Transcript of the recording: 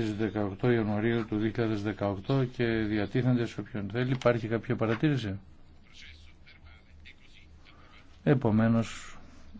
στις 18 Ιανουαρίου του 2018 και διατίθενται σε όποιον θέλει. Υπάρχει κάποια παρατήρηση. Επομένως